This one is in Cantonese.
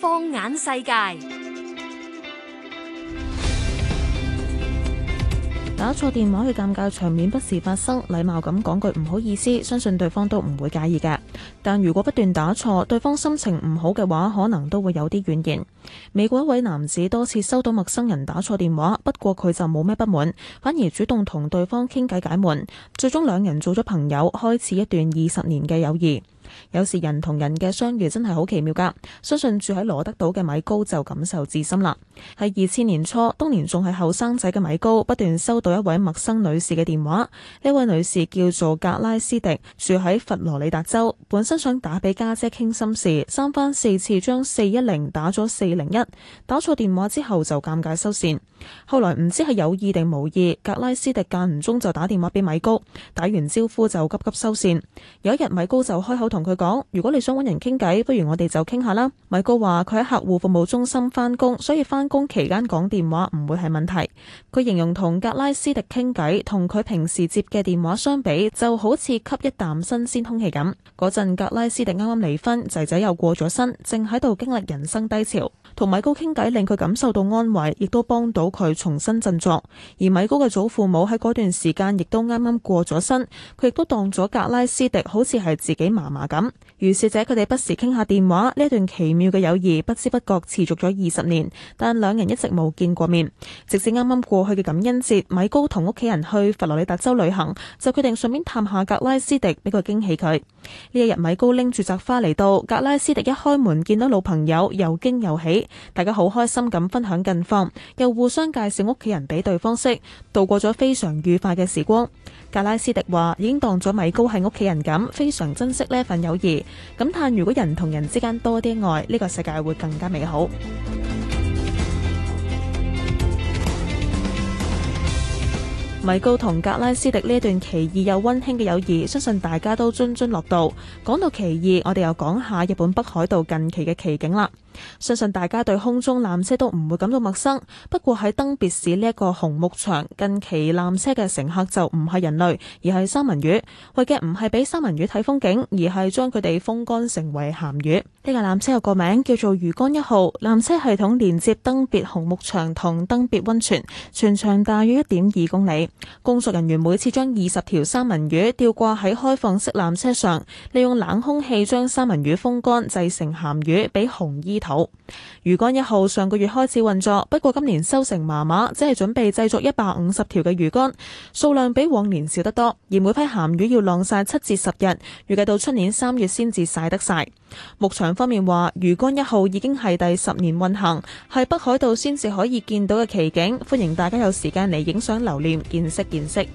放眼世界。打錯電話嘅尷尬場面不時發生，禮貌咁講句唔好意思，相信對方都唔會介意嘅。但如果不斷打錯，對方心情唔好嘅話，可能都會有啲怨言。美國一位男子多次收到陌生人打錯電話，不過佢就冇咩不滿，反而主動同對方傾計解悶，最終兩人做咗朋友，開始一段二十年嘅友誼。有時人同人嘅相遇真係好奇妙噶，相信住喺羅德島嘅米高就感受至深啦。喺二千年初，當年仲係後生仔嘅米高，不斷收到一位陌生女士嘅電話。呢位女士叫做格拉斯迪，住喺佛羅里達州，本身想打俾家姐傾心事，三番四次將四一零打咗四零一，打錯電話之後就尷尬收綫。後來唔知係有意定無意，格拉斯迪間唔中就打電話俾米高，打完招呼就急急收綫。有一日，米高就開口同。佢講：如果你想揾人傾偈，不如我哋就傾下啦。米高話佢喺客戶服務中心返工，所以返工期間講電話唔會係問題。佢形容同格拉斯迪傾偈，同佢平時接嘅電話相比，就好似吸一啖新鮮空氣咁。嗰陣格拉斯迪啱啱離婚，仔仔又過咗身，正喺度經歷人生低潮。同米高傾偈令佢感受到安慰，亦都幫到佢重新振作。而米高嘅祖父母喺嗰段時間亦都啱啱過咗身，佢亦都當咗格拉斯迪好似係自己嫲嫲咁。如是者佢哋不時傾下電話，呢段奇妙嘅友誼不知不覺持續咗二十年，但兩人一直冇見過面。直至啱啱過去嘅感恩節，米高同屋企人去佛羅里達州旅行，就決定順便探下格拉斯迪，俾佢驚喜佢。呢一日米高拎住扎花嚟到，格拉斯迪一開門見到老朋友，又驚又喜，大家好開心咁分享近況，又互相介紹屋企人俾對方識，度過咗非常愉快嘅時光。格拉斯迪話已經當咗米高係屋企人咁，非常珍惜呢一份友誼，感嘆如果人同人之間多啲愛，呢個世界會更加美好。米高同格拉斯迪呢段奇異又溫馨嘅友誼，相信大家都津津樂道。講到奇異，我哋又講下日本北海道近期嘅奇景啦。相信大家對空中纜車都唔會感到陌生。不過喺登別市呢一個紅木場，近期纜車嘅乘客就唔係人類，而係三文魚。為嘅唔係俾三文魚睇風景，而係將佢哋風乾成為鹹魚。呢架纜車有個名叫做魚乾一號。纜車系統連接登別紅木場同登別溫泉，全長大約一點二公里。工作人員每次將二十條三文魚吊掛喺開放式纜車上，利用冷空氣將三文魚風乾，製成鹹魚俾紅衣。魚竿一號上個月開始運作，不過今年收成麻麻，只係準備製作一百五十條嘅魚竿，數量比往年少得多。而每批鹹魚要晾曬七至十日，預計到出年三月先至曬得晒。牧場方面話，魚竿一號已經係第十年運行，係北海道先至可以見到嘅奇景，歡迎大家有時間嚟影相留念，見識見識。